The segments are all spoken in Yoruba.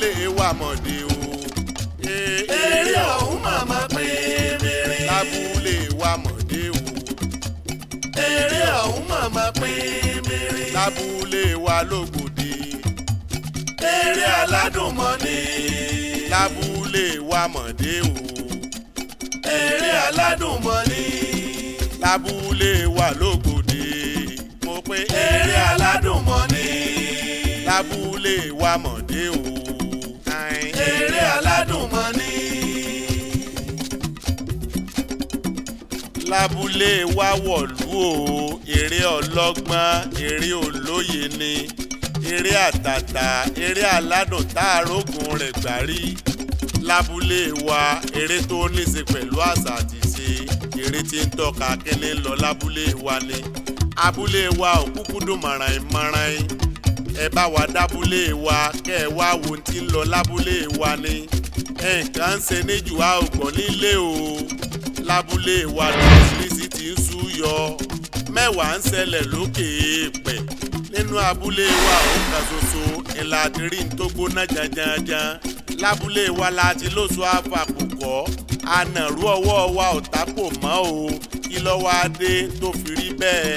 lè wà mọ̀dé o. eré ọ̀hún màmá pín mìíràn. lábúlé wà mọ̀dé o. eré ọ̀hún màmá pín mìíràn. lábúlé wà lógbòde. eré aládùn mọ́ni. lábúlé wà mọ̀dé o. eré aládùn mọ́ni. lábúlé wà lógbòde. mo pe eré aládùn mọ́ni. lábúlé wà mọ̀dé o eré aládùn mọ́ ni. lábúlé wa wọ̀lú o eré ọlọ́gbọ́n eré olóye ni eré àtàtà eré aládùn tá a rógun rẹ̀ gbà rí lábúlé wa eré tó ní í ṣe pẹ̀lú àṣà àti ìṣe eré tí ń tọ́ka kíní lọ lábúlé wa ni abúlé wa ò kúkú dùn ẹ bá wa dábúlé wa kẹ́ ẹ wá wo ti ń lọ lábúlé wa ni nǹkan ń ṣe níjù a ò nílé o lábúlé wa ni ìrísí ti ń sú yọ mẹ́wàá ń ṣẹlẹ̀ lókè èèpẹ̀ nínú abúlé wa òun kan ṣoṣo ìlà àdírí tó gbóná janjanjan lábúlé wa la ti lóṣù àfàkùkọ ànàrú ọwọ́ wa ò tápò mọ́ o kí lọ́wọ́ adé tó fi rí bẹ́ẹ̀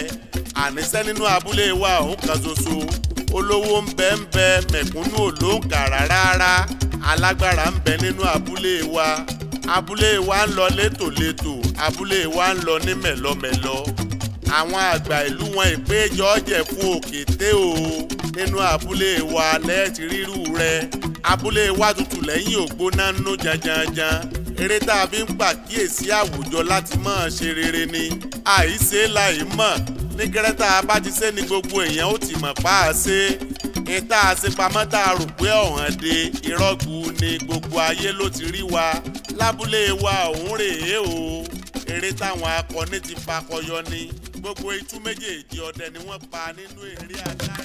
àníṣẹ́ nínú abúlé wa òun kan ṣoṣo olówó ń bẹ ń bẹ mẹ̀kúnnù ò ló ń kà rárá alágbára ń bẹ nínú abúlé wa abúlé wa ń lọ létòlétò abúlé wa ń lọ ní mẹ̀lọmẹ̀lọ àwọn àgbà ìlú wọn ìpéjọ jẹ fún òkété o nínú abúlé wa lẹ́ẹ̀tì rírú rẹ abúlé wa tutù lẹ́yìn ògbóná nú janjanjan eré tá a fi ń pàkíyèsí àwùjọ láti máa ṣe rere ni àìsè láì mọ̀ ní gẹ́rẹ́ tá a bá ti ṣe ni gbogbo èèyàn ó ti mọ̀ pa á ṣe ní tá a ṣe pamọ́ tá a rò pé ọ̀hún de ìrọ́gù ni gbogbo ayé ló ti rí wa lábúlé wa òun rèé o eré táwọn akọni ti fakọyọ ni gbogbo itú méjèèjì ọdẹ ni wọ́n pa nínú eré ajá.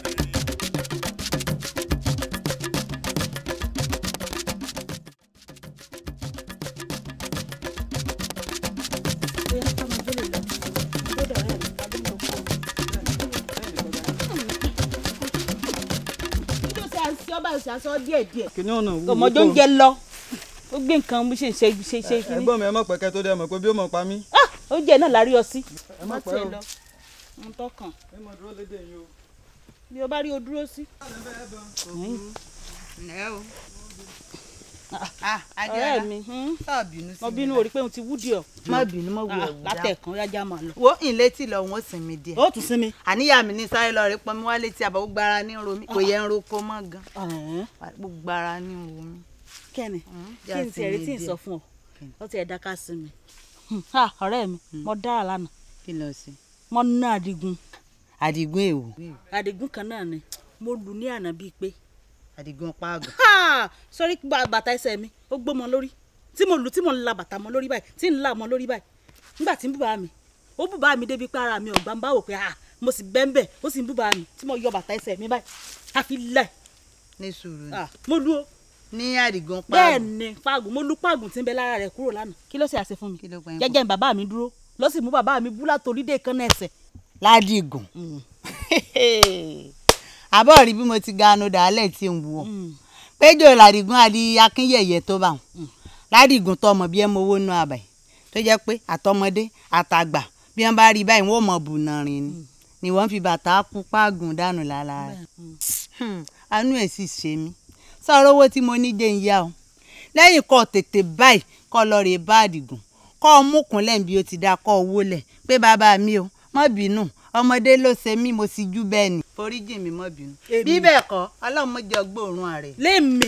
ṣe aṣọ díẹ̀ díẹ̀. kìnìún ọ̀nà wúwo kọ́ ọmọdé oúnjẹ lọ ó gbé nǹkan bó ṣe ń ṣe ṣe ṣe kí ni. ẹ̀gbọ́n mi ẹ mọ̀ pẹkẹ tó dẹ mọ̀ pé bí ó mọ pa mí. Ah! oúnjẹ náà la rí ọ sí. ẹ má pẹ́ o mo tọkàn. ẹ mọ dúró lédè yín o. bí o bá rí o dúró sí. ẹ bẹ́ẹ̀ bọ́ Ah, ọ̀rẹ́ mi hmm? mo bínú orí pé mo ti wúdi ọ. má bínú mo wù ah, ọ gbà. látẹ̀kàn rájà máa lọ. wo ìlé tí lọ òun ó sinmi díẹ̀. ó tún sinmi. àníyá mi ní sáré lọ rí pọnmi wá létí àbá gbogbo ara ní romi kò yẹ ń roko mọ́ gan. gbogbo ara ní romi. kẹ́ni hmm, kí n tiẹ̀ rí tí n sọ fún ọ ó tiẹ̀ dáká sí mi. Hmm, ọ̀rẹ́ mi mo dára lánàá. kí ló ṣe. mo ná àdìgún. àdìgún èwo. àdìgún kan náà ni mo lù ní àná bíi pé àdìgún paagùn. sọrí bàtà ẹsẹ̀ mi ó gbọ́mọ lórí tí mo lù tí mo ń la bàtà mọ́ lórí báyìí tí ń la mọ́ lórí báyìí nígbà tí ń bùbá mi ó bùbá mi débi pé ara mi ọ̀gbà ń bá wò pé ah, mo sì bẹ́ńbẹ̀ ó sì ń bùbá mi tí mo yọ bàtà ẹsẹ̀ mi báyìí àfi lẹ̀. ní sùúrù ni ah, mo lu o. ní àdìgún paagùn bẹ́ẹ̀ ni paagùn mo lu paagùn tí ń bẹ lára rẹ̀ kúrò lánàá kí ló sì àṣẹ fún mi jẹ́jẹ́ ni bàbá mi dúró ló mú bàbá mi bú látòrí dé kán ẹsẹ̀. ládìgún mm. àbọ̀ rí bí mo ti ganu dàálẹ̀ tí ń wù ọ́ mm. péjọ làdìgún àdí akínyẹ̀yẹ tó bá wọn mm. ládìgún tó ọmọ bí ẹ mọ owó nù àbàyè tó jẹ́ pé àtọmọdé àtàgbà bí wọ́n bá rí báyìí wọ́n mọ̀ bù nàrin ni mm. ni wọ́n fi bàtà kú páàgùn dànù lára rẹ̀ àánú hmm, ẹ̀ sì ṣe mí sọ̀rọ̀ owó tí mo ní jẹ́ ń o lẹ́yìn kọ́ tètè báyìí kọ́ lọ rè bá àdìgún kọ́ mú kúnlẹ̀ bí o ti dá kọ́ owó lẹ̀ pé bàbá mi o mọ́ bínú ọmọdé ló ṣe mí mo sì jú bẹ́ẹ̀ ni foríjì mi mọ́ bínú. bí bẹ́ẹ̀ kọ́ ọlọ́run mo jọ gbóòórùn rẹ̀. lémi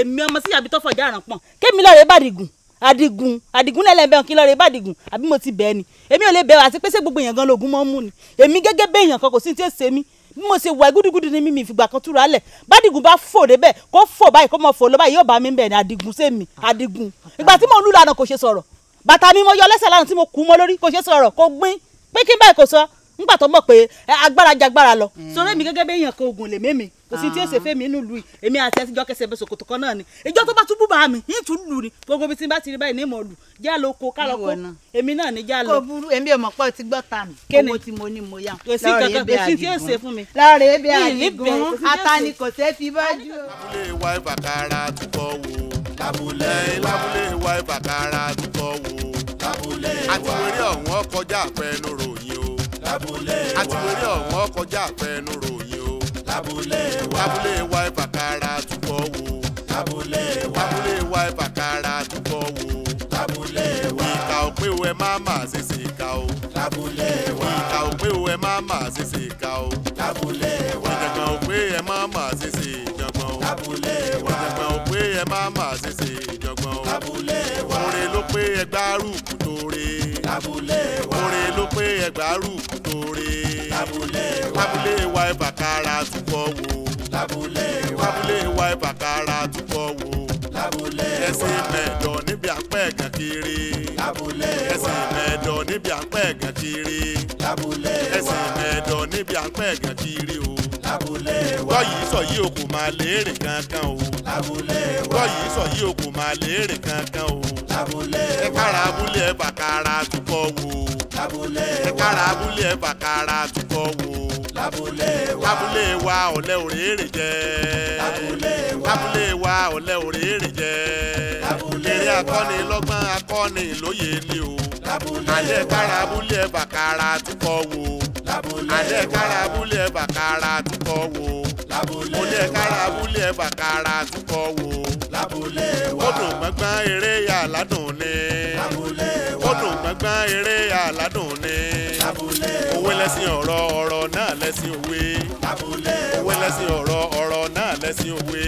èmi ọmọ sí àbí tọ́fọ̀ járàn pọ̀n kémi lọ́ọ́ rẹ̀ bàdìgùn àdìgún àdìgún lẹ́lẹ́bẹ̀ẹ́ kí lọ́ọ́ rẹ̀ bàdìgún àbí mo ti bẹ́ẹ̀ ni èmi ò lè bẹ́ẹ̀ àti pé ṣé gbogbo èèyàn gan lóògùn mọ́ mú ni èmi gẹ́gẹ́ bẹ́ẹ̀ èèyàn kan kò sí ní tí ṣe mí bí mo ṣe wà gúdúgúdú ni mímì ìfìgbà kan túra lẹ bádìgún bá fò débẹ̀ kó fò báyìí kó mọ fò lọ báyìí yóò bá mi bẹ ní àdìgún sẹmi àdìgún ìgbà tí mo lù lánàá kò ṣe sọ̀rọ̀ bàtà mi mo yọ lẹ́sẹ̀ lánàá tí mo kú mọ lórí kò ṣe sọ̀rọ̀ kò gbín pé báyìí kò sọ nígbà tó mọ̀ pé agbára jagbára lọ mm. sọ̀rọ̀ èmi gẹ́gẹ́ bí èèyàn kan oògùn lè mẹ́mi kò sí tí èsè ah. fẹ́mi inú ìlú yìí èmi àti ẹsẹ̀ jọ́kẹsẹ̀ bẹ̀ sòkòtò kan náà ni ìjọ tó bá tún bú bá mi yín tún lù ni gbogbo bí tí n bá ti rí báyìí ní ìmọ̀ lù já lọ ko ká lọ ko èmi náà ni já lọ. kò burú èmi ò mọ̀ pé ti gbọ́ ta mi owó tí mo ní mo yá lọ́ọ̀rẹ́ ebe àdìgún lọ́ọ̀rẹ́ ebe àdìgún atani kò sẹ́ fi bájú. lábúlé ìwà ìbàkárà túbọ̀ wò lábúlé lábúlé ìbàkárà túbọ̀ wò àtiwèrè ọ̀gbọ́n kọjá àfẹnu ròyìn o. lábúlé wa lábúlé wa ìfàkàrà àtúbọ̀ wò. lábúlé wa lábúlé wa ìfàkàrà àtúbọ̀ wò. lábúlé wa ìkà òpin òwe má má ṣe ṣe ìkà o. lábúlé wa ìkà òpin òwe má má ṣe ìkà o. lábúlé wa ìjàngbọ̀n òpin ẹ̀ má má ṣe ìjàngbọ̀n o. lábúlé wa ìjàngbọ̀n òpin ẹ̀ má má ṣe pé ẹgbàárù kù tóore. lábúlé wa oore ló pé ẹgbàárù kù tóore. lábúlé wa lábúlé wa ìbàkárà túbọ̀ wò. lábúlé wa lábúlé wa ìbàkárà túbọ̀ wò. lábúlé wa ẹsìn mẹ́jọ níbi àpẹ́ kan kiri. lábúlé wa ẹsìn mẹ́jọ níbi àpẹ́ kan kiri. lábúlé wa ẹsìn mẹ́jọ níbi àpẹ́ kan kiri o lábúlé wa gbọ́ yìí sọ yìí o kò máa léèrè kankan o lábúlé wa gbọ́ yìí sọ yìí o kò máa léèrè kankan o lábúlé wa ẹ kára abúlé ẹ bàkàrà àtúkọ̀ wò lábúlé wa ẹ kára abúlé ẹ bàkàrà àtúkọ̀ wò lábúlé wa lábúlé wa ọ̀lẹ́ òrèèrè jẹ́ lábúlé wa lábúlé wa ọ̀lẹ́ òrèèrè jẹ́ lábúlé wa eré akọ́ni lọ́gbọ́n akọ́ni lóye ni o lábúlé wa àyẹ̀kára abúlé ẹ bàkàrà àtúkọ̀ wò alẹ́ kára abúlé bàkàrà àtúkọ̀ wò. lábúlé wa olè kára abúlé bàkàrà àtúkọ̀ wò. lábúlé wa ó dùn gbọ́ngbọ́n eré àládùn ni. lábúlé wa eré àládùn ni. òwe lẹ́sìn ọ̀rọ̀ ọ̀rọ̀ náà lẹ́sìn òwe. òwe lẹ́sìn ọ̀rọ̀ ọ̀rọ̀ lẹ́sìn òwe.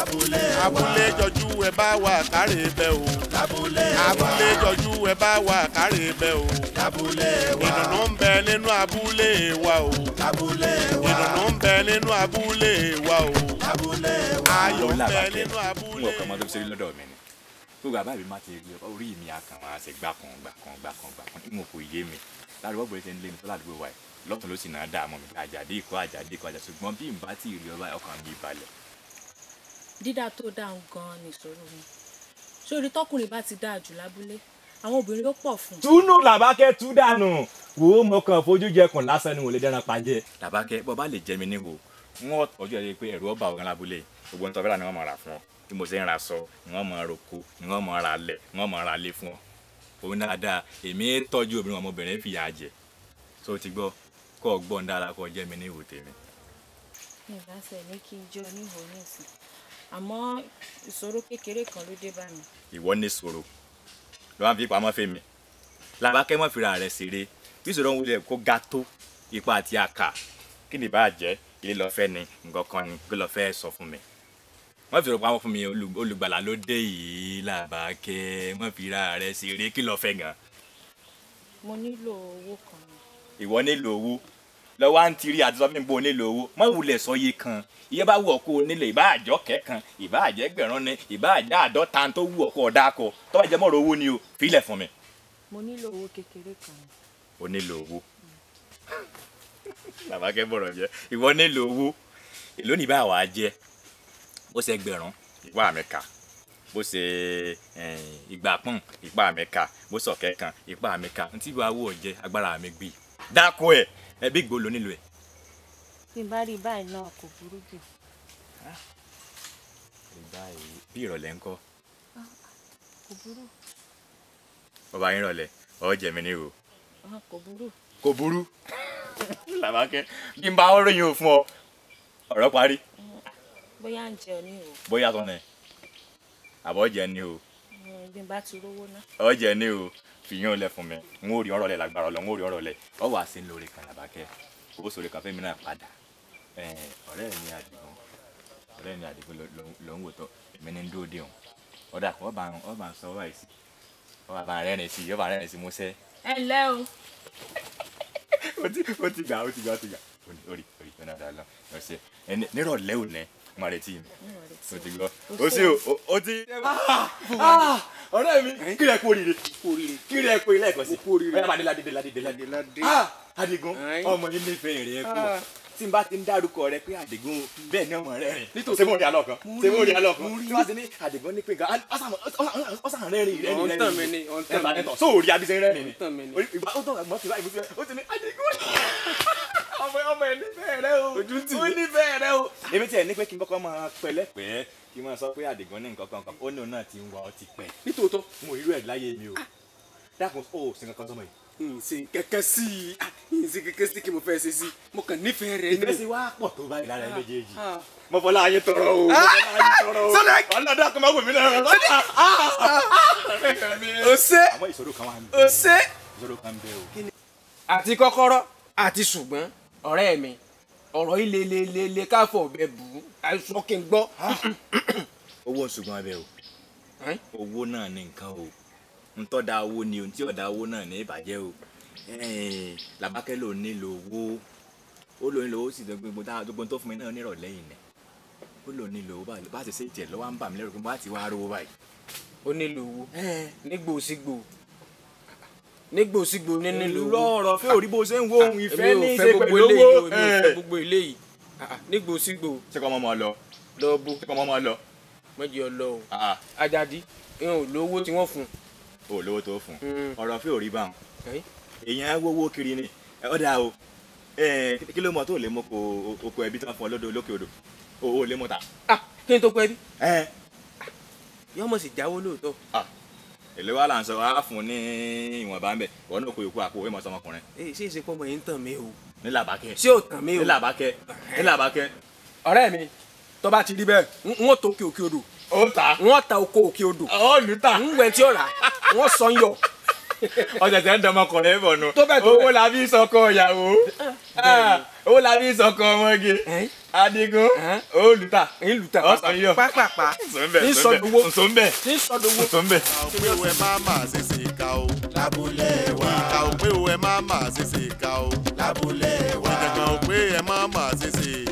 abúlé wa abúlé jọjú ẹ bá wa kárẹ̀ bẹ́ o. abúlé wa abúlé jọjú ẹ bá wa kárẹ̀ bẹ́ o. abúlé wa ìdùnnú ń bẹ nínú abúlé wa o. abúlé wa ìdùnnú ń bẹ nínú abúlé wa o. abúlé wa ayọ̀ ń bẹ nínú abúlé. n kò kàn mọ́ tó lọ́dọ̀ mi ni gbogbo àbá mi má ti rí orí mi àkàn máa ṣe gbà kan gbà kan gbà kan gbà kan tí mo kò yé mi lárúbọ̀ bó ṣe ń lé mi tó ládùúgbò wa lọ́tún ló sì náà dààmú mi àjàdí ìkọ́ àjàdí ìkọ́ àjà ṣùgbọ́n bí n bá tí rí ọba ọkàn mi balẹ̀ dídá tó dáhùn gan-an nìṣòro wọn sórí tọkùnrin bá ti dáa jù lábúlé àwọn obìnrin ó pọ̀ fún. túnú làbákẹ́ tú dànù wò ó mọ kàn fojú jẹkùn lásán ni wò lè dẹ́ran pàjẹ́. làbákẹ́ bọ́ bá lè jẹ mi níwò wọ́n tọ́jú ẹ̀ pé ẹ̀rù ọba ọ̀gá lábúlé gbogbo nítorí fẹ́lá ni wọ́n mọ̀ ra fún ọ bí mo ṣe ń ra sọ ni wọ́n mọ̀ ra oko ni wọ́n mọ̀ ra lẹ̀ ni wọ́n mọ̀ ra lé fún ọ. òun dáadáa èmi tọ́jú obìnrin ọmọbìnrin fìyà jẹ tó ti gbọ́ kọ́ ọgbọ́n dára kọ́ jẹ́ mi ní kí ijó oníhòòhò àmọ́ ìṣòro kékeré kan ló dé bá mi. ìwọ ní ìṣòro ló máa fi pamọ́ fèmí làbákẹ́ mọ́ fìrà rẹ̀ ṣeré bí ìṣòro ń wulẹ̀ kó ga tó ipa àti àkà kí ni ìbáà jẹ́ ilé lọ́fẹ́ ni nǹkan kan ni kí lọ́fẹ́ sọ fún mi mọ́ fìrà pamọ́ fún mi olùgbàlà ló dé yìí làbákẹ́ mọ́ fìrà rẹ̀ ṣeré kí lọ́fẹ́ gan. mo nílò owó kan. ìwọ nílò owó lọ́wọ́ à ń tiri àti sọ fún mi bó nílò owó má wulẹ̀ sọ iye kan iye bá wù ọ́ kó o nílò ìbá àjọ kẹ́kan ìbá àjẹ́ gbẹ̀rún ni ìbá àjẹ́ àdọ́ta tó wù ọ́ kó o dá kọ tó bá jẹ́ mọ́rọ̀ owó ni o fílẹ̀ fún mi. mo nílò owó kékeré kan. o nílò owó bàbá kẹ́ bọ̀rọ̀ jẹ́ ìwọ nílò owó èló ní báwa jẹ́ bó ṣe gbẹ̀rún ìwà mi kà bó ṣe ìgbà pọ̀n ìpá mi kà bó ṣọ̀kẹ́ kan ìpá mi kà ntí wàá wò jẹ́ agbára mi gbé dáko ẹ̀ ẹbí ìgbò ló nílò ẹ. tí n bá rí báyìí náà kò burú jù. Ah. rí báyìí bí ìrọ̀lẹ́ ń kọ́. Ah, kò burú. bàbá yín rọlẹ̀ ọ̀ jẹ̀mí ní o. Ah, kò burú. kò burú làbákẹ́ kí n bá ọ ròyìn o fún ọ ọ̀rọ̀ parí. bóyá ń jẹ ọ ní o. bóyá tán ni àbọ̀ jẹ ni o bí n bá ti rówó ná. ọjẹ ni o fìyàn lẹ fún mi n ó rí ọ̀rọ̀ lẹ lágbára Ọlọ́run n ó rí ọ̀rọ̀ lẹ ọ wà sí lórí kan làbákẹ ó sọ̀rọ̀ kan fẹmi náà padà ọ̀rẹ́ mi àdìgún ọ̀rẹ́ mi àdìgún ló ń wò tọ èmi ni ń dúró dé òun ọdà kan ọba ọba ń sọ ọba yìí sí ọba rẹ́rìn sí ọba rẹ́rìn sí músẹ́. ẹ ǹlẹ́ o. ó ti gbà ó ti gbà ó ti gbà ó ní orí orí ọ̀nà àdàlọ́ ọ̀sẹ̀ nírọ̀lẹ́ òní maritime o ti gbọ́ o sì o ti. ọ̀rẹ́ mi kí lẹ kú oríire kí lẹ kú ilé ẹ̀kọ́ sí bẹ́ẹ̀ bá dé ládé ládé ládé ládé ah, Adigun ọmọ yìí nífẹ̀ẹ́ rẹ̀ pọ̀ ah. tí n bá ti ń dárúkọ rẹ pé Adigun bẹ́ẹ̀ ni ọmọ rẹ rìn nítorí sẹ́mu rí alọ́kan sẹ́mu rí alọ́kan tí wọ́n ti ní Adigun ní pé nǹkan ọ̀sán rẹ́rìn rẹ́rìn rẹ́rìn ọ̀ntàn mi ni ọ̀ntàn mi ni sóòrí abisẹ́ rẹ́rìn ni ìgbà ó tọ̀ àgbọ̀n ti bá ìbúfẹ́ ó ti ní Adigun ọmọ ọmọ ẹ nífẹ̀ẹ́ rẹ o ojú tì ó nífẹ̀ẹ́ rẹ o. èmi tiẹ̀ ní pé kí n kọ́kọ́ máa pẹ̀lẹ́pẹ̀ẹ́ kí n máa sọ pé àdìgún ní nǹkan kan kan ó ní òun náà ti ń wà ó ti pẹ́. nítòótọ́ mo irú ẹ̀ láyé mi o ah. dákun ó sì kankan sọmọ yìí. ǹsìn kẹ̀kẹ́ ah, ni. ìfẹ́sí wa pọ̀ tó báyìí lára ẹ ah, méjèèjì mo fọlá ayé tọrọ o mo fọlá ayé tọrọ o ọ̀nà dákun má wò mí náà. ọ̀sẹ̀ ọ̀sẹ̀ ìṣòro kan àti kọ́kọ́rọ́ àti ṣùgbọ́n ọ̀rẹ́ mi ọ̀rọ̀ yìí lelelele káfọ̀ ọ̀bẹ bù ú àìsàn kí n gbọ́. owó ṣùgbọ́n abẹ o owó náà ni nǹkan o ntọ́da owó ni o ntí ọ̀dà owó náà ní ìbàjẹ́ o làbákẹ́ ló nílò owó ó lò nílò owó sì gbogbo tó fún mi náà nírọ̀lẹ́ yìí nẹ ó lò nílò owó báyìí bá ti ṣe ìjẹ́ lọ́wọ́ à ń bà mí lẹ́rù pé bá ti wá rówó báyìí. ó nílò owó nígbò sígbò nígbòsígbò nínú ìlú lọ́rọ̀ fẹ́ òrí bó ṣe ń wo ah, ohun ìfẹ́ ní ìṣe pẹ̀lú owó èmi ò fẹ́ eh. gbogbo eléyìí ah, nígbòsígbò. ṣé kò mọ́ mọ́ lọ. lọ bó ṣé kò mọ́ mọ́ lọ. méjì ọlọ o Àjàdí ah, n ò lówó tí wọ́n fún. o lówó tó fún hmm. ọ̀rọ̀ fẹ́ òrí báwọn. èèyàn á wówó kiri ni ọ̀dà o kí ló mọ̀ tó lè mú ko oko ẹbí tó fọ́ lọ́dọ̀ lókè odò o ò lè mú ta. kí n tó kọ ẹbí. yọmọ sì jáwó lóòótọ́ èlé wa là ń sọ wá fún ní ìwọ̀nba ń bẹ̀ wọ́n náà kó ikú àpò ìmọ̀ sọmọkùnrin. ẹ ṣe é ṣe pọ́nmọ yìí ń tàn mí o. ní làbákẹ́ ṣé o tàn mí o. ní làbákẹ́ ní làbákẹ́. ọ̀rẹ́ mi tó bá ti rí bẹ́ẹ̀ n ó tó òkè òkè odò. ó ta n ó ta oko òkè odò. ó lù ta n wẹ̀ tí ó rà wọ́n sọ ń yọ. ọ̀sẹ̀sẹ̀ ń dọmọkùnrin bọ̀ nù. tó bẹ́ẹ̀ tó bẹ́ẹ̀ ah, owó la fi sọkọ ìyàwó owó la fi sọkọ ọmọge adigun ó oh, lùtà ń lùtà ọsàn oh, yọ pápápá ń sọdọwọ nsọmbẹ ń sọdọwọ nsọmbẹ. òpè ṣèṣe ìka o lábúlé wa ìka òpè òwe máa ṣèṣe ìka o lábúlé wa ìdàgbà òpè ẹ máa ma ṣèṣe.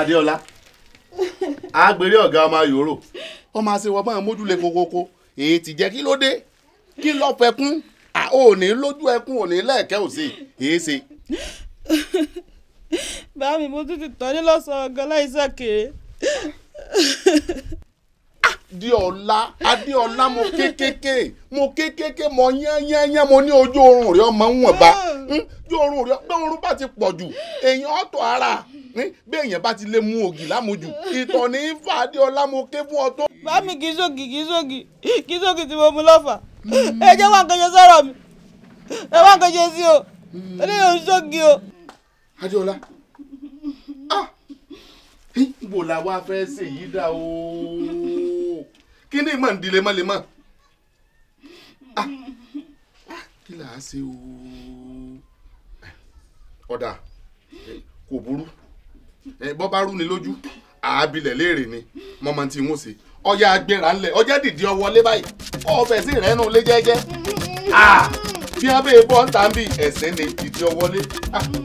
adéọlá àgbèrè ọ̀gá ọmọ yòórò ọmọ àṣewọ bá ń mójúlé kokoko èyí ti jẹ́ kí ló dé kí ló fẹ́ kún ò ní lójú ẹkún ò ní lẹ́ẹ̀kẹ́ ò sí èyí ṣe. bá mi mo tún ti tọ́ ní lọ́sàn-án gan láìsàn kéré. adéọlá adéọlá mo kékéké mo kékéké mo yányányán mo ní ojú oorun rẹ ọmọ ń wọ̀nba oh. hm, ojú oorun rẹ pé oorun bá ti pọ̀ jù èèyàn ọ̀tọ̀ ara bí èèyàn bá ti lè mu ògì lámujù ìtọ̀ ní fàdé ọlámọké fún ọ tó. bá mi kì í sóògì kì í sóògì kì í sóògì tí mo mu lọ́fà ẹ jẹ́ wá nǹkan ṣe sọ̀rọ̀ mi ẹ wá nǹkan ṣe sí o eléyìí ò ń sóògì o. adéọlá ah ibo la wá fẹ́ dá o kí ni ìmọ̀ ń lemọ́lemọ́ ah! ah kí là á ṣe o ọ̀dà kò burú bọ́ bá rú ni lójú àábilẹ̀ léèrè ni mọ́mọ́ tí n ó ṣe ọya agbèrà ńlẹ̀ ọjẹ́ dìde ọwọlé báyìí ọbẹ̀ sí rẹ̀ nù lé jẹ́jẹ́ bí abẹ́ bọ́ ń tàn bí ẹ̀sìn ni dìde ọwọlé àgàmú.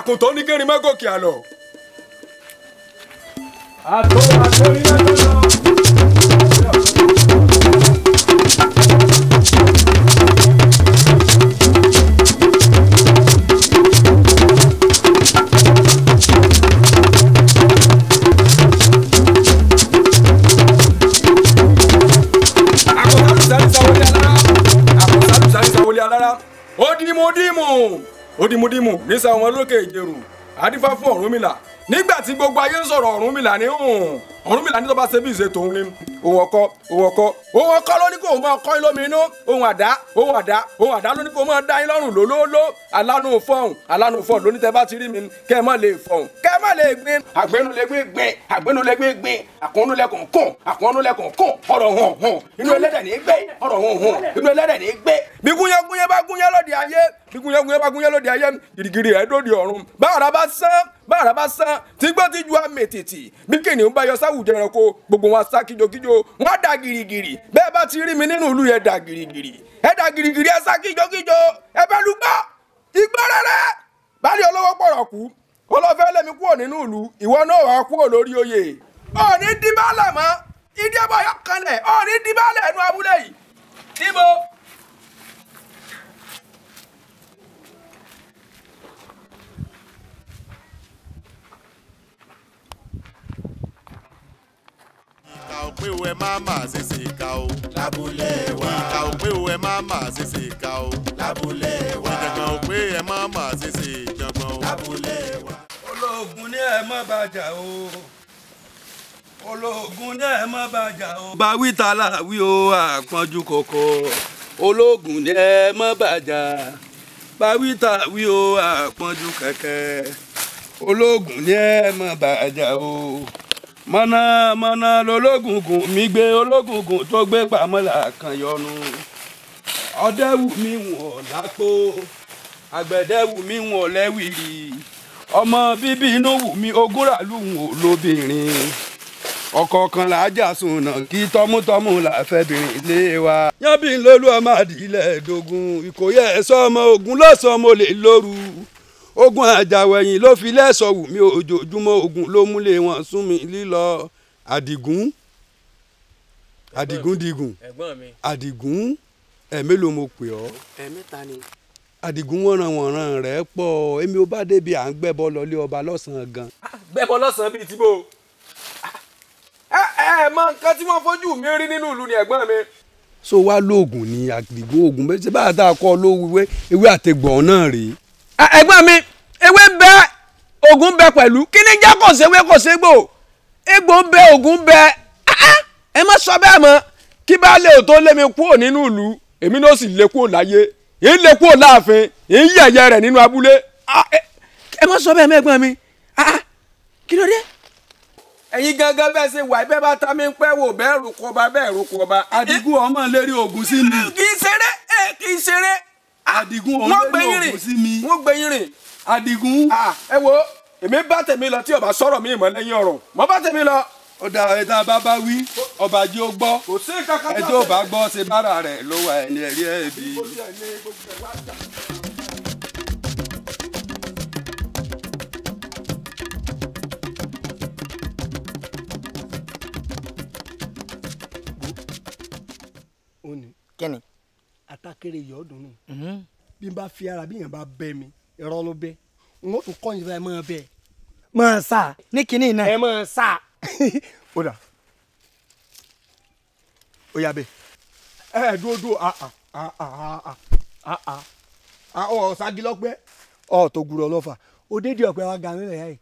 àkùntàn oníkẹ́rin mẹ́gòkè àlọ́. àtọ́ àtọ́ nílẹ̀ tó òdìmúdìmù ní sàwọn olókè ìjẹ̀rù àdífá fún ọ̀rúnmìlà nígbà tí gbogbo ayé ń sọ̀rọ̀ ọ̀rúnmìlà ní hùn ọ̀rúnmìlà ní tó bá ìṣe tòun ni òun ọkọ òun ọkọ òun ọkọ ló ní kó òun máa kọ́ yín lómi inú òun àdá òun àdá òun àdá ló ní kó máa dá yín lọ́rùn lólóló alánú fọ̀hún alánú fọ̀hún lóní tẹ́ bá ti rí mi kẹ́ ẹ má lè fọ̀hún kẹ́ ẹ má lè gbin. àgbẹ̀nu lè gbin gbin àgbẹ̀nu lè gbin gbin àkọ́nú lè kàn kàn àkọ́nú lè kàn kàn ọ̀rọ̀ hàn hàn inú ẹlẹ́dẹ̀ ní gbé ọ̀rọ̀ hàn hàn inú ẹlẹ́dẹ̀ ní gbé. bí gúnyẹ́gúnyẹ́ bá gúnyẹ́ lóde ayé gbígunyẹ́gunyẹ́ bá gúnyẹ́ lóde ayé gìrìgìrì rẹ̀ dòde ọ̀run báàrà bá sán báàrà tí gbọ́ ti ju àmì tètè bí kìnìún bá yọ sáwùjọ ẹranko gbogbo wọn sá kíjokíjo wọn dà gìrìgìrì bẹ́ẹ̀ bá ti rí mi nínú ìlú yẹn dà gìrìgìrì ẹ dà gìrìgìrì ẹ sá kíjokíjo ẹ bẹ́ẹ̀ lu gbọ́ igbó rẹ̀rẹ̀ báyìí olówó pọ̀rọ̀ kú olófẹ́ lẹ́mi kúrò nínú ìlú ìwọ náà wàá kúrò lórí oyè ọ̀ọ́ni dìbàlẹ̀ mọ́ ìdíyẹ́bọ̀ yọ ìkà ò pé o ẹ má má ṣe ṣe ìkà o. lábúlé wa. ìkà ò pé o ẹ má má ṣe ṣe o. lábúlé wa. ìjàngbọ̀n ò pé ẹ má má ṣe ìjàngbọ̀n o. lábúlé wa. olóògùn ní ẹ má bàjá o olóògùn ní ẹ má bàjá o. bá wí o àpọ́njú kòkó olóògùn ní ẹ má bàjá bá wí o àpọ́njú kẹ̀kẹ́ olóògùn ní ẹ má bàjá o mọ̀nàmọ́ná lológungun mi gbé ológungun tó gbé pamọ́lá kan yọnu ọdẹ wù mí wọ̀n lápò àgbẹ̀dẹ wù mí wọ̀n lẹ́wìrì ọmọ bíbí inú wù mí ogúnra lù wọ̀n lóbìnrin ọ̀kọ̀ọ̀kan là á jà sùnà kí tọmútọmú là á fẹ́ bìnrin lé wa. yábìn lolú ọmọ àdìlẹ̀ dógún ìkòyẹ ẹ̀sọ́ ọmọ ogun lọ́sàn-án mo lè lóru ogun àjàwẹ̀yìn ló fi lẹ́sọ̀ wù mí ojoojúmọ́ ogun ló múlé wọn sún mi lílọ àdìgún àdìgún dìgún àdìgún ẹ̀mí ló mo pè ọ́ àdìgún wọn ràn wọn ràn rẹ pọ̀ èmi ò bá débi à ń gbẹ́bọ lọlé ọba lọ́sàn-án gan. gbẹ́bọ lọ́sàn-án bíi tìbò ẹ ẹ mọ nǹkan tí wọ́n fojú mi rí nínú ìlú ni ẹ̀gbọ́n mi. so wá lóògùn ni àdìgún oògùn bẹ́ẹ̀ ṣe bá a dáa kọ́ lówó ewé àtẹ̀gbọ̀n náà rèé ẹ̀gbọ́n mi ewé ń bẹ ògùn bẹ pẹ̀lú kí ni jẹ́ kò séwé kò ségbò egbò ń bẹ ògùn bẹ ẹ má sọ bẹ́ẹ̀ mọ́ kí bá lè tó lé mi kúrò nínú ìlú èmi náà sì lè kúrò láyé èyí lè kúrò láàfin èyí yẹ̀yẹ́ rẹ̀ nínú abúlé ẹ má sọ bẹ́ẹ̀ mẹ́gbọ́n mi kí ló dé ẹ̀yin gangan bẹ́ẹ̀ ṣe wà bẹ́ẹ̀ bá ta mi ń pẹ́ wò bẹ́ẹ̀ rúkọba bẹ́ẹ̀ rúkọba adigun ọmọ lérí ogun sí mi. kì í ṣeré kì í ṣeré Àdìgún òun lẹ́nu ògùn sí wọ́n gbẹ̀yìn rìn. Àdìgún. ẹ wo èmi bá tèmi lọ tí ọba sọ̀rọ̀ mi ìmọ̀ lẹ́yìn ọ̀rọ̀ mo bá tèmi lọ. ó da ẹ̀dá bàbá wí ọba jí ó gbọ́. kò sí gbọ́ ṣe bára rẹ̀ ló wà ẹni ẹ̀rí ẹ̀ bí. kíni atakere yọ ọdún nù mhm. bí n bá fi ara bí yẹn bá bẹ mi ẹrọ ló bẹ n ó tún kọ́ yín báyìí máa bẹ. máa sá ní kinní náà. ẹ máa sá. o dà ó yà bẹ ẹ dúró dúró ọ ṣáàgì lọ́pẹ́ ọ tó gbúrọ̀ lọ́fà òdèdè ọ̀pẹ wa ga nílẹ̀ yáyì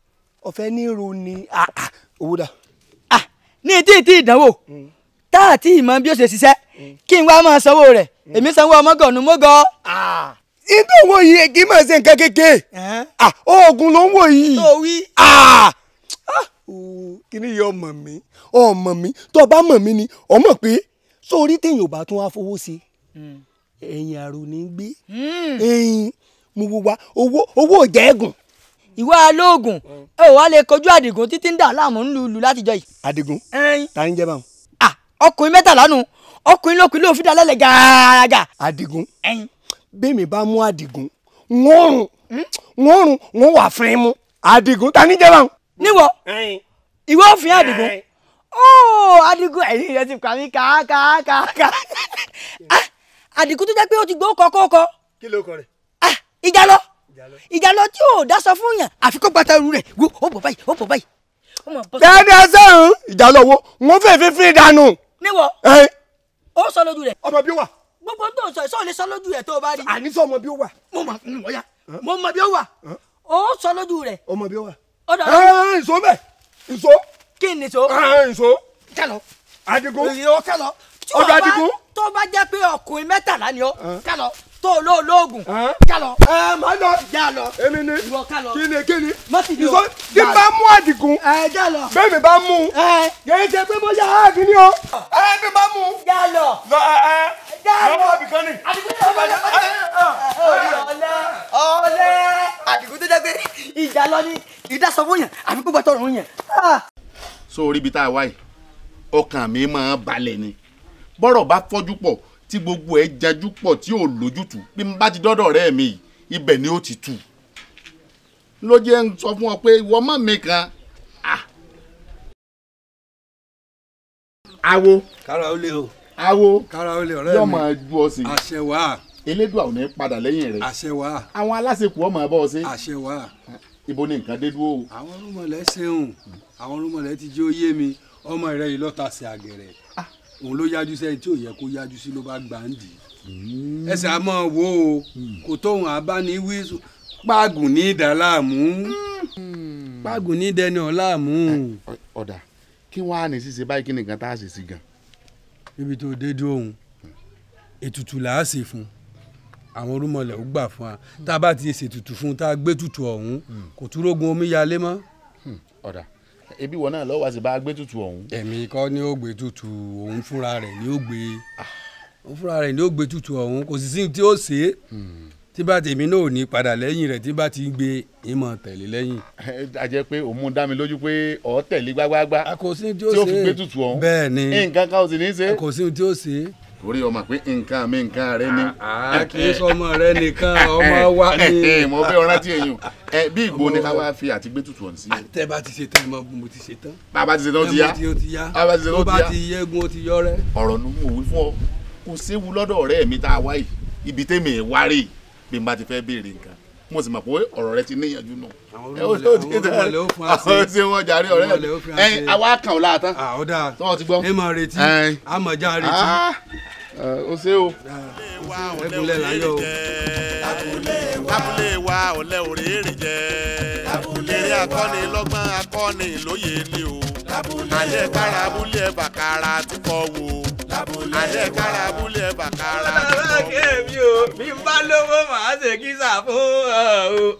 ọ̀fẹ́ ní irun ni ah, ah, owó ah, ní etí ìdánwò. Mm. tá a ti mọ bí ó ṣe ṣiṣẹ́ kí n wá máa sanwó rẹ̀ èmi sanwó ọmọgànnù mọ́gọ́. inú òwò yìí kì í máa ṣe nǹkan kékeré oògùn ló ń wò yìí. tó wí. Ah, kí ni yọ ọmọ mi ọmọ mi tó o bá mọ̀ mí ni ọmọ pé sórí téèyàn ò bá tún wá fowó sí ẹ̀yìn àrò ní gbé hmm. ẹ̀yìn mo wo wa owó owó òjẹ́ ẹ̀gùn ìwọ alóògùn ẹ ò wá lè kojú àdìgún títí ń dà láàmú ńlùlù látijọ́ yìí. àdìgún ta ń jẹ́ báwọn ọkùnrin mẹ́tàlá nù ọkùnrin lókùnrin lóò fi dá lálẹ́ gàràgà. àdìgún bẹ́ẹ̀mi bá mú àdìgún wọ́n rùn wọ́n rùn wọ́n wà fún imú àdìgún ta ní jẹ́wọ́n. níwọ ìwọ òfin àdìgún ooo àdìgún ẹ̀yìn rẹ ti pa mí kàákàákàá ah, àdìgún tó jẹ́ pé ó ti gbọ́ kọ́kọ́kọ́. kí ló kọ rẹ̀. Ah, ìjà lọ ìjà lọ tí ò dá sọ fún yàn àfikún gbàtà irú rẹ̀ wo ó bọ̀ báyìí ó bọ̀ báyìí. dáadáa sẹ́hìn ìjà lọ wo wọ́n fẹ́ẹ́ fífi dànù níwọ. ó sọ lójú rẹ. ọmọ bí ó wà. gbogbo tó sọ sọ lè sọ lójú rẹ tó o bá rí. àní sọ ọmọ bí ó wà. mo mọ mo ya mo mọ bí ó wà. ó sọ lójú rẹ. ọmọ bí ó wà. ó dọ̀ ọ́. nso bẹ́ẹ̀ nso. kí ni nso. nso. kálọ̀. adigun. ìyẹn o kálọ̀. adigun. tó bá jẹ́ pé ọkùnrin mẹ́tàlá ni ó kálọ̀ tó ló lóògùn. ká lọ. ẹ má lọ. já lọ. èmi ni. ìwọ ká kí ni kí ni. má ti di o. tí bá mú àdìgún. ẹ já lọ. bẹ́ẹ̀ mi bá mú. ẹ yéé ṣe pé bóyá ààfin ni o. ẹ mi bá mú. já lọ. lọ ẹ já lọ. lọ́wọ́ àbíkan ni. àdìgún tó bá yẹ. ọ̀lẹ àdìgún tó jẹ́ pé ìjà lọ ni ìdásọ̀fún yẹn àfi kó gbàtọ̀ ọ̀run yẹn. Ah. so ibi tá a wá yìí ọkàn mi máa balẹ̀ ni bọ́rọ̀ bá fọ́jú pọ̀ tí gbogbo ẹ̀ jajú pọ̀ tí ò lójútùú bí n bá ti dọ́dọ̀ rẹ́ mi yìí ibẹ̀ ni ó ti tù ló jẹ́ ń sọ fún ọ pé ìwọ má mi kan. awo kára ó lé o awo kára ó lé ọ̀rẹ́ mi yóò máa ju ọ sí. àṣẹ wàá elédùà ò ní padà lẹ́yìn rẹ̀. àṣẹ wa. àwọn aláṣepọ̀ ọmọ ẹ̀bọ ṣe. àṣẹ wa. ibo ni nǹkan dé dúró. àwọn rúmọlẹ ṣeun àwọn rúmọlẹ ti jẹ́ ó yé mi ọmọ rẹ yìí lọ́ta ṣe àgẹ̀rẹ̀ òun ló yájú sẹ́yìn tí ò yẹ kó yájú sí ló bá gbà ń dì í hmm. ẹsẹ̀ àmọ́ wo o kò tóun abániwí páàgùn ní ìdá láàmú hmm. páàgùn ní ìdẹni ọ̀làmú. ọ̀dà kí wàá ní ṣíṣe báyìí kí nìkan tá a ṣe sí gan. níbi tó dé dúró òun ètùtù là á ṣe fún un àwọn orúmọlẹ̀ ó gbà fún wa tá a bá ti ṣètùtù fún un tá a gbé tutù ọ̀hún hmm. kò túrógun omíyalé mọ́. ọ̀dà ebi wọn náà lọ́wọ́ àti bá a gbé tutù ọ̀hún. èmi kọ́ ni ó gbé tutù òun fúnra rẹ̀ ni ó gbé ah. òun fúnra rẹ̀ ni ó gbé tutù ọ̀hún kò sì sí tí ó ṣe é hmm. tí bá tèmi náà ò ní padà lẹ́yìn rẹ̀ tí bá ti ń gbé ìmọ̀ tẹ̀lé lẹ́yìn. a jẹ́ pé òun dá mi lójú pé ọ̀ tẹ̀lé gbágbáágbá tí ó fi gbé tutù ọ̀hún bẹ́ẹ̀ ni nǹkan kan ò sì ní í ṣe. kò sí tí ó ṣe é torí ọmọ pé nǹkan mi nǹkan rẹ ni. Ah, ah, eh, kì í sọmọ rẹ nìkan ọmọ wa ni. Eh, eh, mo fẹ́ rántí èyàn ẹ bí ìgbó ni ká wá fi àti gbé tutù ọ̀n sí. Ah, tẹ bá ti ṣe tán mo mo ti ṣe tán. bàbá ti ṣe tán ó ti yá. bàbá ti ṣe tán ó ti yá. tó bá ti yẹgun ó ti yọ rẹ. ọ̀rọ̀ ni mo wí fún ọ kò séwu lọ́dọ̀ ọ̀rẹ́ mi tá a wá yìí ibi tẹ́mi ẹ̀ wá rè bí n bá ti fẹ́ béèrè nǹkan mo sì mọ̀ pé ọ̀rọ̀ rẹ ti níyànjú nù. àwọn olùwọlé òfin àṣẹ àwọn tí wọ́n jàre ọ̀rẹ́ ẹ̀ àwa kàn ọ́ láàtàn. àwọn dáa tó ti gbọ́. ẹ máa retí a máa já retí. o ah, ṣe o. ẹgúnlẹ̀ láyọ̀ o. abúlé wa ọ̀lẹ́ òrèèrè jẹ́ eré akọ́ni lọ́gbọ́n akọ́ni lóye ni o. alẹ́ kára abúlé bàkàrà ti kọ́ wo alẹ́ kára abúlé bàkàrà. ọlọ́kẹ́ mi ò bí n bá lówó màá ṣe kí sàfó o.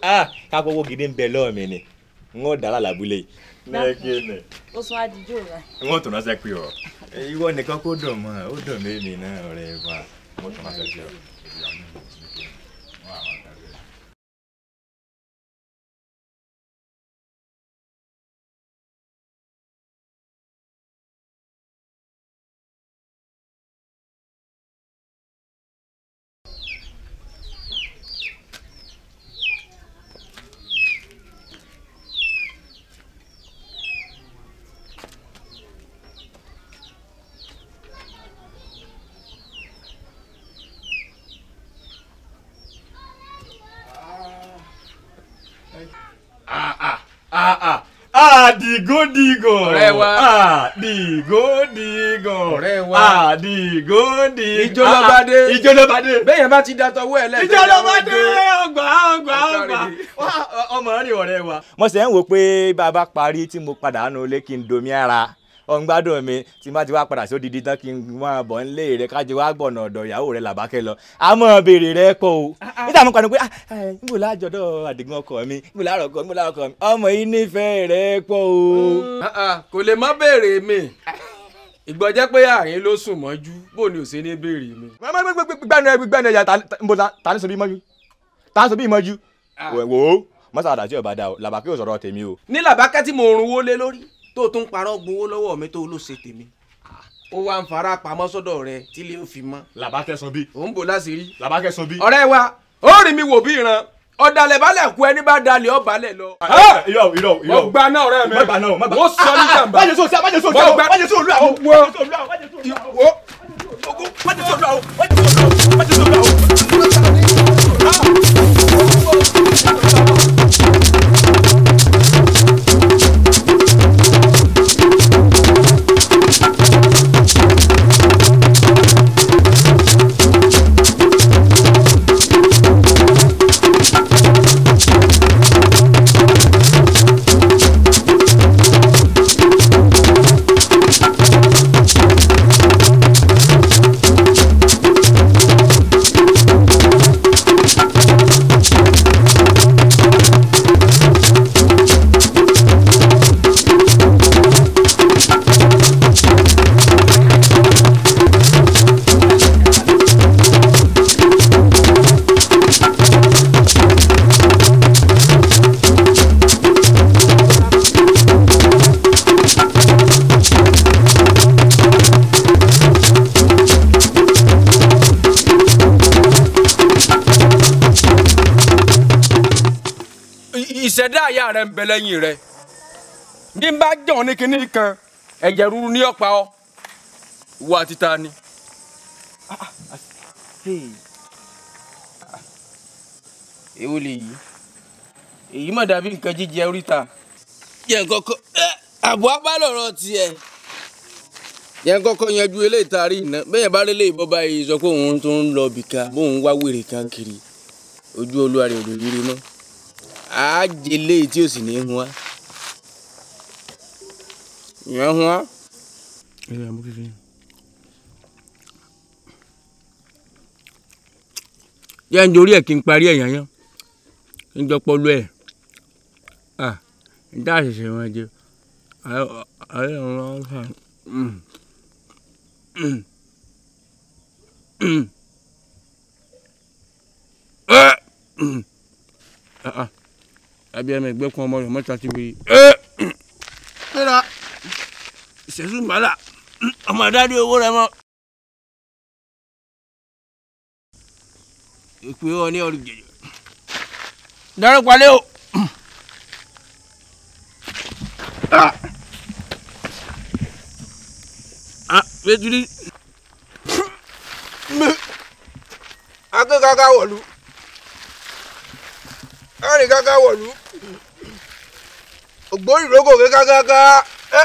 kápọ̀ owó gidi ń bẹ lọ́ọ̀ mi ni n ó dára làbúlé yìí. lẹ́kẹ̀ẹ́ sún àdìjọ rẹ. wọ́n tún ránṣẹ́ pé ọ ìwọ nìkan kó dùn mọ́ ó dùn mí mi náà ọ̀rẹ́ wa wọ́n tún ránṣẹ́ pé ọ. àdìgòdìgò ọ̀rẹ́ wa àdìgòdìgò ọ̀rẹ́ wa àdìgòdìgò ìjọlọbadé ah, ah, ìjọlọbadé bẹ́ẹ̀ yẹn bá ti datọ̀ wọ́ ẹ lẹ́sẹ̀ ìjọlọbadé ọgbà ọgbà ọgbà ọmọ rẹ ọ̀rẹ́ wa. mo ṣe ń wò pé bàbá parí tí mo padà nù lé kí n domi ara ọ̀n gbádùn mi tí má ti wá padà sí odidi tán kí n máa bọ̀ nílé rẹ kájí wá gbọ̀nà ọ̀dọ̀ ìyàwó rẹ làbákẹ́ lọ àmọ́ béèrè rẹ pọ̀ o ah, ah. níta mo kànú pé ah, níbo lájọdọ̀ àdìgún ọkọ mi níbo láàrọ̀ ọkọ mi níbo láàrọ̀ ọkọ mi ọmọ yìí nífẹ̀ẹ́ rẹ pọ̀ o. Mm. kò lè má béèrè mi ìgbọ́jẹ́ pé àárín ló sùn mọ́jú bó ni ò ṣe ní béèrè mi. gbẹ́nu ẹ gbẹ́nu ẹ yà ta ni sọ bí mọ́jú ta ni sọ bí mọ́jú wò ó mọ́sàdá tí ò bá dà o làbákẹ́ ò sọ̀rọ̀ tèmi o tó tún parọ́ gbowó lọ́wọ́ mi tó ló tèmi ó wá ń fara pamọ́ sọ́dọ̀ rẹ tí lè mọ́. làbákẹ́ sọ bí. ò ń bò láṣìírí. làbákẹ́ sọ bí. ọ̀rẹ́ wa ó rí mi wò bí ìran ọ̀dàlẹ̀ balẹ̀ kú ẹni bá dalẹ̀ ọ̀balẹ̀ lọ. ọgbà náà ọ̀rẹ́ mi wọ́n sọ ní jàmbá. bájẹ̀ sọ sí a bájẹ̀ sọ sí a bájẹ̀ sọ olú àwọn wọ́ ìwọ bájẹ̀ sọ olú àwọn bájẹ̀ sọ olú àwọn bájẹ̀ sọ bàbá rẹ ń bẹ lẹ́yìn rẹ bí n bá jàn ní kinní kan ẹ̀jẹ̀ ruru ní ọ̀pá ọ ìwọ àti ta ni. èwo lè yí èyí mà dàbí nǹkan jíjẹ oríta. yẹn kọkọ àbọ̀ abálọ̀rọ̀ tiẹ̀ yẹn kọ́kọ́ yanjú eléyìí taari iná bẹ́ẹ̀ bá rẹ́lẹ̀ ìbọn báyìí sọ pé òun tó ń lọ bìkan bóun wá wèrè kan ojú olúwa rẹ̀ ò lè rí rí mọ́ àájẹ léyìí tí ò sì ní í hun wá ìyẹn hun wá. ilé àmú kékeré. yá ń dorí ẹ̀ kí n parí ẹ̀ yányán kí n jọ pọ́lú ẹ̀ ah n dá àṣẹṣẹ wọn jẹ ààrẹ ọ̀rọ̀ ọ̀sán. Uh-uh abiyamọ ẹgbẹ́ kan ọmọ rẹ̀ mọ́ta ti wí. ṣéra ìṣẹ́sù mbàlà ọmọ àdáde owó rẹ mọ́. ìpè ọ ní ọrùn jẹjẹ. dáná palẹ́ o. pétúrí. akẹ́kọ̀ọ́ ká wọ̀lú ẹrìn káká wọ̀lú ògbóyìn lóko ké kákáká ẹ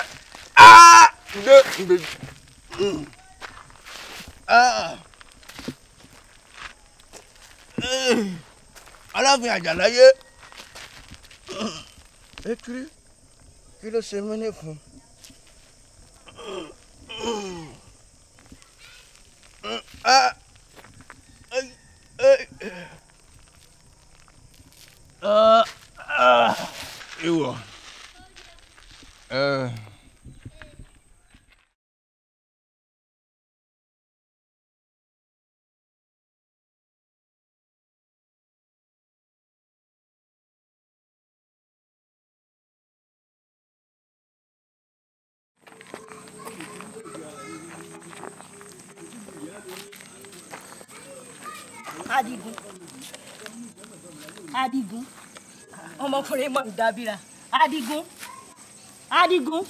á dé ìbejì. aláàfin àjàláyé ekiri kí ló ṣe mí ní fún. Ah! 啊啊！哎我，哎。啊！你。adigun ọmọkùnrin mọ̀ ń dábìrà adigun adigun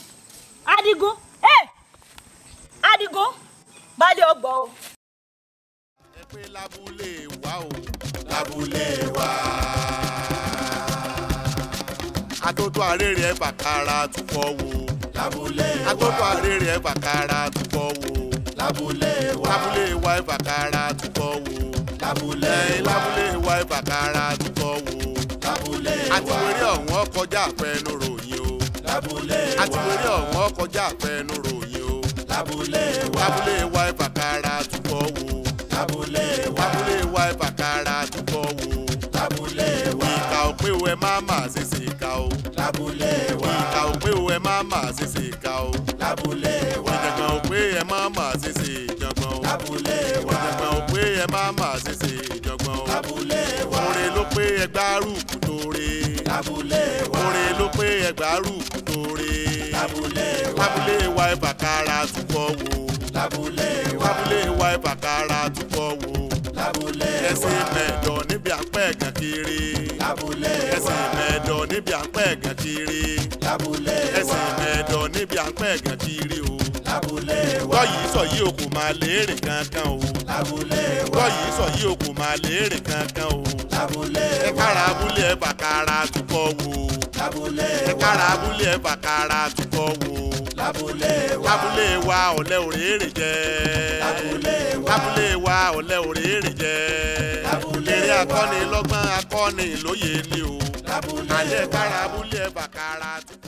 adigun ẹ adigun balẹ̀ ọgbọ̀ o. ẹ pé lábúlé wa o lábúlé wa. atótó arére ẹ bàkàrà túbọ̀ wò. lábúlé wa atótó arére ẹ bàkàrà túbọ̀ wò. lábúlé wa lábúlé wa ẹ bàkàrà túbọ̀ lábúlé lábúlé wa ìfàkàrà àdúgbò wo lábúlé wa àtiwèrè ọ̀hún ọkọjá àfẹnu ròyìn o lábúlé wa àtiwèrè ọ̀hún ọkọjá àfẹnu ròyìn o lábúlé wa lábúlé wa ìfàkàrà àdúgbò wo lábúlé wa lábúlé wa ìfàkàrà àdúgbò wo lábúlé wa ìkà òpin o ẹ má má ṣe ìkà o lábúlé wa ìkà òpin o ẹ má má ṣe ìkà o lábúlé wa ìdẹ̀gàn òpin ẹ má má ṣe ìkà o. ẹgbàárùkù lóore. abúlé wa oore ló pé ẹgbàárùkù lóore. abúlé wa abúlé wa ìbàkárà túbọ̀ wò. labúlé wa abúlé wa ìbàkárà túbọ̀ wò. labúlé wa ẹsẹ̀ mẹ́jọ níbi àpẹ́ gàkiri. labúlé wa ẹsẹ̀ mẹ́jọ níbi àpẹ́ gàkiri. labúlé wa ẹsẹ̀ mẹ́jọ níbi àpẹ́ gàkiri o sọ yìí o kò máa léèrè kankan o. lábúlé wa gbọ́ yìí sọ yìí o kò máa léèrè kankan o. lábúlé wa ẹ kára abúlé ẹ bàkàrà àtúkọ̀ wò. lábúlé wa ẹ kára abúlé ẹ bàkàrà àtúkọ̀ wò. lábúlé wa lábúlé wa ọ̀lẹ́ òrèèrè jẹ́. lábúlé wa lábúlé wa ọ̀lẹ́ òrèèrè jẹ́. lábúlé wa eré akọ́ni lọ́gbọ́n akọ́ni lóye ni o. lábúlé wa ayé kára abúlé ẹ bàkàrà àtúkọ̀